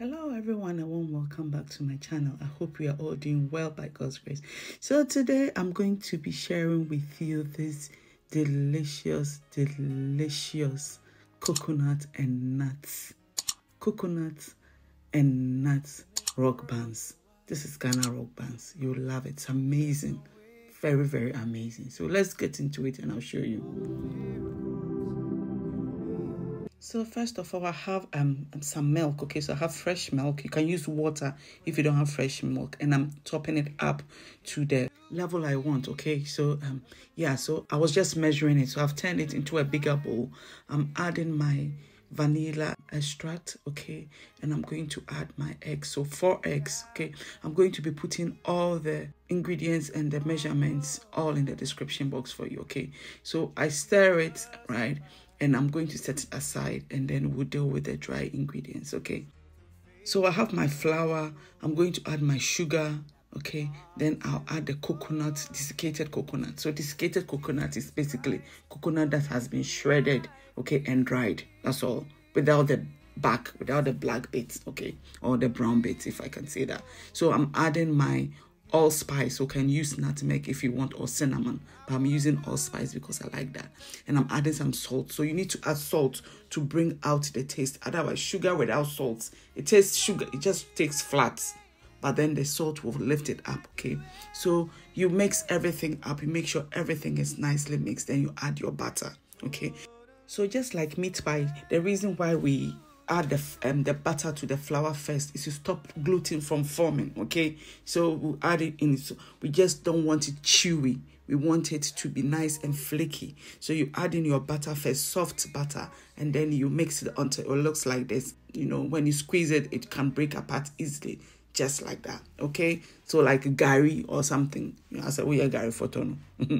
Hello everyone and warm welcome back to my channel. I hope you are all doing well by God's grace. So today I'm going to be sharing with you this delicious, delicious coconut and nuts. Coconut and nuts rock bands. This is Ghana rock bands. You'll love it. It's amazing. Very, very amazing. So let's get into it and I'll show you. So first of all, I have um some milk. Okay, so I have fresh milk. You can use water if you don't have fresh milk, and I'm topping it up to the level I want. Okay, so um yeah, so I was just measuring it. So I've turned it into a bigger bowl. I'm adding my vanilla extract okay and i'm going to add my eggs so four eggs okay i'm going to be putting all the ingredients and the measurements all in the description box for you okay so i stir it right and I'm going to set it aside and then we'll deal with the dry ingredients, okay? So I have my flour, I'm going to add my sugar, okay? Then I'll add the coconut, desiccated coconut. So desiccated coconut is basically coconut that has been shredded, okay, and dried, that's all, without the back, without the black bits, okay, or the brown bits, if I can say that. So I'm adding my allspice or can use nutmeg if you want or cinnamon but i'm using allspice because i like that and i'm adding some salt so you need to add salt to bring out the taste otherwise sugar without salt it tastes sugar it just tastes flat but then the salt will lift it up okay so you mix everything up you make sure everything is nicely mixed then you add your butter okay so just like meat pie the reason why we add the, um, the butter to the flour first is to stop gluten from forming okay so we add it in so we just don't want it chewy we want it to be nice and flaky so you add in your butter first soft butter and then you mix it until it looks like this you know when you squeeze it it can break apart easily just like that. Okay, so like Gary or something. You know, I said, "We oh, are Gary for tono." All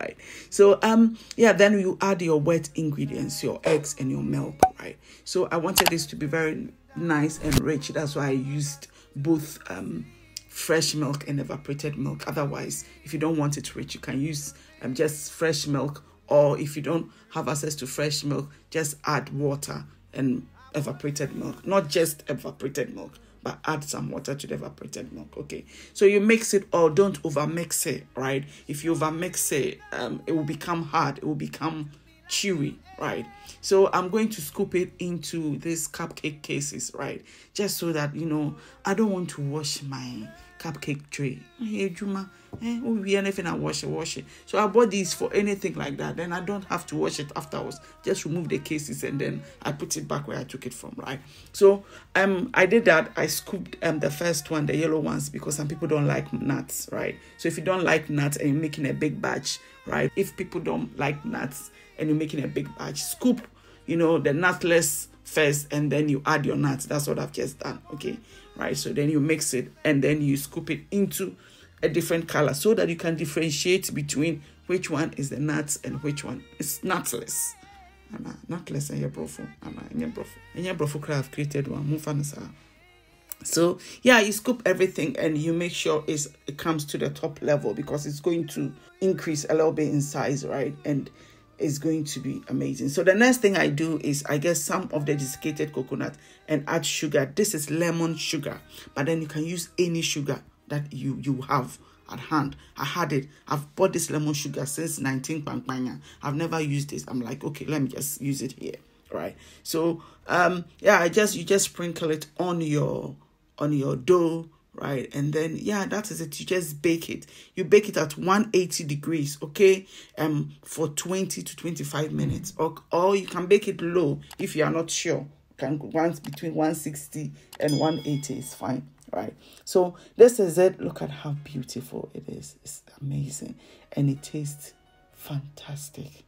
right. So um, yeah. Then you add your wet ingredients, your eggs and your milk. Right. So I wanted this to be very nice and rich. That's why I used both um fresh milk and evaporated milk. Otherwise, if you don't want it rich, you can use um just fresh milk. Or if you don't have access to fresh milk, just add water and evaporated milk. Not just evaporated milk but add some water to the evaporated milk. Okay, so you mix it all. Don't over mix it, right? If you over mix it, um, it will become hard. It will become chewy, right? So I'm going to scoop it into these cupcake cases, right? Just so that you know, I don't want to wash my cupcake tray. Hey, Juma, eh, we anything I wash it, wash it. So I bought these for anything like that. Then I don't have to wash it afterwards. Just remove the cases and then I put it back where I took it from, right? So um, I did that. I scooped um the first one, the yellow ones, because some people don't like nuts, right? So if you don't like nuts and you're making a big batch, right? If people don't like nuts and you're making a big batch, scoop, you know, the nutless first and then you add your nuts. That's what I've just done, okay? right? So then you mix it and then you scoop it into a different color so that you can differentiate between which one is the nuts and which one is nutless. Ama nutless and your brofo. and your brofo. And your craft created one. Mufanasa. So yeah, you scoop everything and you make sure it comes to the top level because it's going to increase a little bit in size, right? And is going to be amazing. So the next thing I do is I get some of the desiccated coconut and add sugar. This is lemon sugar, but then you can use any sugar that you, you have at hand. I had it. I've bought this lemon sugar since 19 I've never used this. I'm like, okay, let me just use it here. Right. So um yeah, I just you just sprinkle it on your on your dough right and then yeah that is it you just bake it you bake it at 180 degrees okay um for 20 to 25 minutes or, or you can bake it low if you are not sure you can go once between 160 and 180 is fine right so this is it look at how beautiful it is it's amazing and it tastes fantastic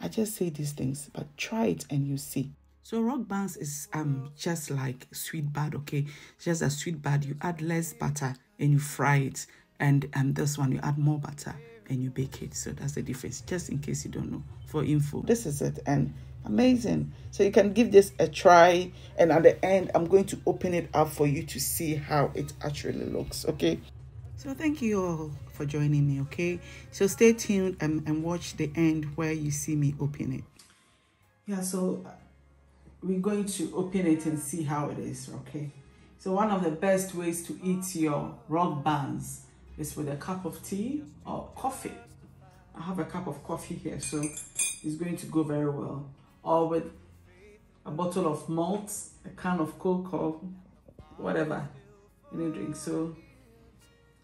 i just say these things but try it and you see so rock buns is um just like sweet bud, okay? Just a sweet bud, you add less butter and you fry it. And um this one you add more butter and you bake it. So that's the difference, just in case you don't know for info. This is it and amazing. So you can give this a try and at the end I'm going to open it up for you to see how it actually looks, okay? So thank you all for joining me, okay? So stay tuned and, um, and watch the end where you see me open it. Yeah, so we're going to open it and see how it is, okay? So one of the best ways to eat your rock bands is with a cup of tea or coffee. I have a cup of coffee here, so it's going to go very well. Or with a bottle of malt, a can of Coke or whatever, any drink. So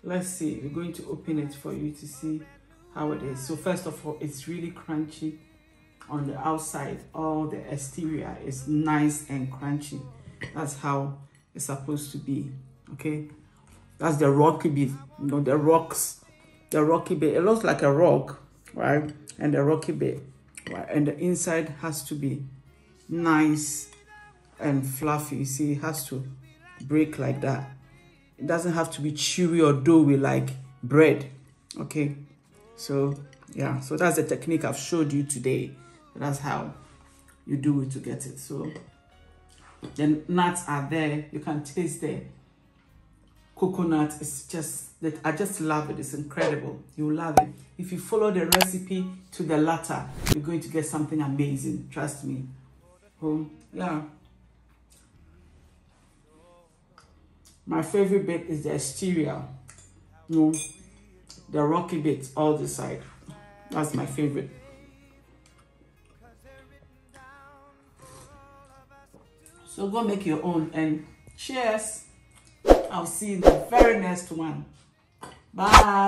let's see, we're going to open it for you to see how it is. So first of all, it's really crunchy on the outside, all the exterior is nice and crunchy. That's how it's supposed to be, okay? That's the rocky bit, you know, the rocks, the rocky bit. It looks like a rock, right? And the rocky bit, right? And the inside has to be nice and fluffy. You see, it has to break like that. It doesn't have to be chewy or doughy like bread, okay? So, yeah, so that's the technique I've showed you today. That's how you do it to get it. So the nuts are there. You can taste the coconut. It's just that I just love it. It's incredible. You love it. If you follow the recipe to the latter, you're going to get something amazing. Trust me. Oh, yeah. My favorite bit is the exterior. You know, the rocky bits all the side. That's my favorite. So go make your own and cheers. I'll see you in the very next one. Bye.